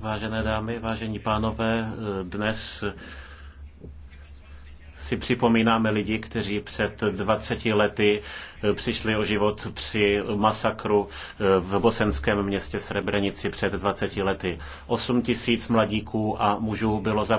Vážené dámy, vážení pánové, dnes si připomínáme lidi, kteří před 20 lety přišli o život při masakru v bosenském městě Srebrenici před 20 lety. 8 tisíc mladíků a mužů bylo zavražděno.